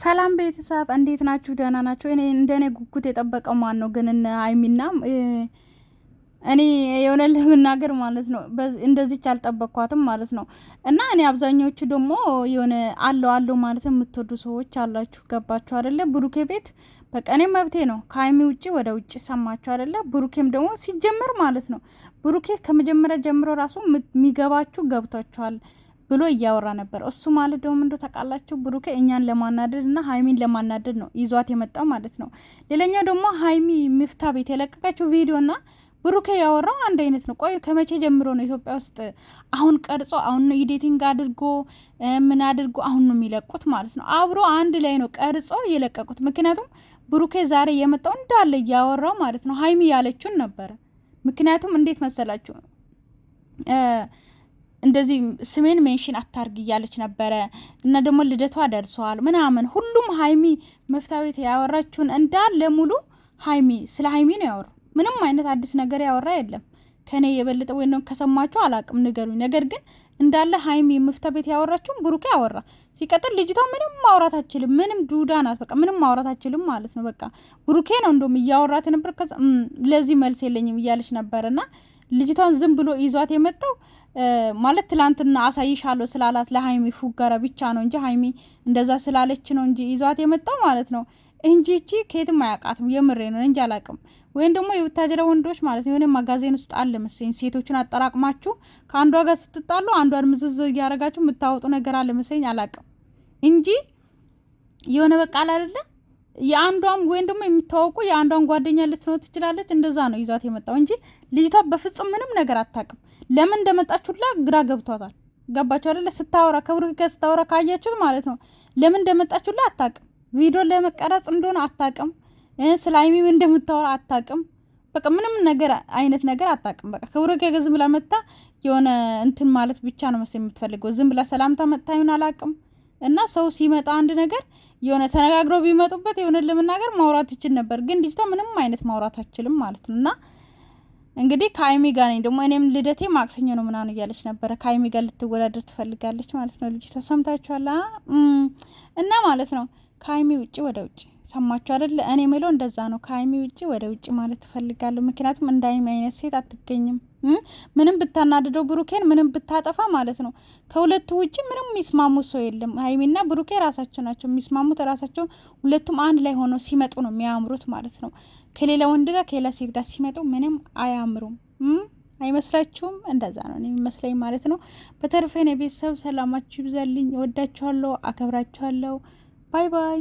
ሰላም ቤተሰብ እንዴት ናችሁ? ደህና ናችሁ? እኔ እንደኔ ጉጉት የጠበቀው ማን ነው ግን? እነ እኔ የሆነ ለመናገር ማለት ነው እንደዚች አልጠበቅኳትም ማለት ነው። እና እኔ አብዛኛዎቹ ደግሞ የሆነ አለው አለው ማለት የምትወዱ ሰዎች አላችሁ። ገባችሁ አደለ? ብሩኬ ቤት እኔ መብቴ ነው ከአይሚ ውጭ ወደ ውጭ ሰማችሁ አደለ? ብሩኬም ደግሞ ሲጀመር ማለት ነው ብሩኬ ከመጀመሪያ ጀምሮ ራሱ የሚገባችሁ ገብታችኋል። ብሎ እያወራ ነበር። እሱ ማለት ደግሞ ምንድ ታውቃላችሁ፣ ብሩኬ እኛን ለማናደድ እና ሀይሚን ለማናደድ ነው ይዟት የመጣው ማለት ነው። ሌላኛው ደግሞ ሀይሚ ምፍታ ቤት የለቀቀችው ቪዲዮና ብሩኬ ያወራው አንድ አይነት ነው። ቆይ ከመቼ ጀምሮ ነው ኢትዮጵያ ውስጥ አሁን ቀርጾ አሁን ነው ኢዴቲንግ አድርጎ ምን አድርጎ አሁን ነው የሚለቁት ማለት ነው። አብሮ አንድ ላይ ነው ቀርጾ የለቀቁት። ምክንያቱም ብሩኬ ዛሬ የመጣው እንዳለ እያወራው ማለት ነው ሀይሚ ያለችውን ነበረ። ምክንያቱም እንዴት መሰላችሁ እንደዚህ ስሜን ሜንሽን አታርግ እያለች ነበረ እና ደግሞ ልደቷ ደርሰዋል ምናምን ሁሉም ሀይሚ መፍታዊት ያወራችሁን እንዳለ ሙሉ ሀይሚ ስለ ሀይሚ ነው ያወራው። ምንም አይነት አዲስ ነገር ያወራ የለም። ከእኔ የበለጠ ወይ ከሰማችሁ አላቅም፣ ንገሩኝ። ነገር ግን እንዳለ ሀይሚ መፍታ ቤት ያወራችሁን ብሩኬ ያወራ። ሲቀጥል ልጅቷ ምንም ማውራት አችልም፣ ምንም ዱዳ ናት። በቃ ምንም ማውራት አችልም ማለት ነው። በቃ ብሩኬ ነው እንደውም እያወራት ነበር። ለዚህ መልስ የለኝም እያለች ነበረና ልጅቷን ዝም ብሎ ይዟት የመጣው ማለት ትላንትና አሳይሻለሁ ስላላት ለሀይሚ ፉጋራ ብቻ ነው እንጂ ሀይሚ እንደዛ ስላለች ነው እንጂ ይዟት የመጣው ማለት ነው እንጂ እቺ ከየትም አያውቃትም። የምሬ ነው እንጂ አላውቅም። ወይም ደግሞ የወታደራ ወንዶች ማለት ነው የሆነ ማጋዜን ውስጥ አለ መሰለኝ። ሴቶችን አጠራቅማችሁ ከአንዷ ጋር ስትጣሉ አንዷን ምዝዝ እያደረጋችሁ የምታወጡ ነገር አለ መሰለኝ። አላውቅም እንጂ የሆነ በቃል አይደለም የአንዷም ወይም ደግሞ የሚታወቁ የአንዷን ጓደኛ ልትኖር ትችላለች። እንደዛ ነው ይዟት የመጣው እንጂ ልጅቷ በፍጹም ምንም ነገር አታውቅም። ለምን እንደመጣችሁላ ግራ ገብቷታል። ገባችሁ አይደለ? ስታወራ ከብሩክ ጋር ስታወራ ካያችሁት ማለት ነው። ለምን እንደመጣችሁላ አታውቅም። ቪዲዮ ለመቀረጽ እንደሆነ አታውቅም። ስለ ሀይሚ እንደምታወራ አታውቅም። በቃ ምንም ነገር አይነት ነገር አታውቅም። በቃ ከብሩክ ጋር ዝም ብላ መጣ የሆነ እንትን ማለት ብቻ ነው መሰለኝ የምትፈልገው። ዝም ብላ ሰላምታ መጣ ይሆን አላውቅም እና ሰው ሲመጣ አንድ ነገር የሆነ ተነጋግረው ቢመጡበት የሆነ ለመናገር ማውራት ይችል ነበር፣ ግን ልጅቷ ምንም አይነት ማውራት አችልም ማለት ነው። እና እንግዲህ ከአይሚ ጋር ነኝ ደግሞ እኔም ልደቴ ማክሰኞ ነው ምናምን እያለች ነበረ። ከአይሚ ጋር ልትወዳደር ትፈልጋለች ማለት ነው ልጅቷ። ሰምታችኋል? እና ማለት ነው ከአይሚ ውጭ ወደ ውጭ ሰማችሁ አይደለ? እኔ ምለው እንደዛ ነው። ከአይሚ ውጭ ወደ ውጭ ማለት ትፈልጋለሁ። ምክንያቱም እንደ አይነት ሴት አትገኝም። ምንም ብታናድደው ብሩኬን ምንም ብታጠፋ ማለት ነው። ከሁለቱ ውጭ ምንም የሚስማሙት ሰው የለም። ሀይሚና ብሩኬ ራሳቸው ናቸው የሚስማሙት። ራሳቸው ሁለቱም አንድ ላይ ሆነው ሲመጡ ነው የሚያምሩት ማለት ነው። ከሌላ ወንድ ጋር ከሌላ ሴት ጋር ሲመጡ ምንም አያምሩም። አይመስላችሁም? እንደዛ ነው የሚመስለኝ ማለት ነው። በተረፈ የቤተሰብ ሰላማችሁ ይብዛልኝ። እወዳችኋለሁ፣ አከብራችኋለሁ። ባይ ባይ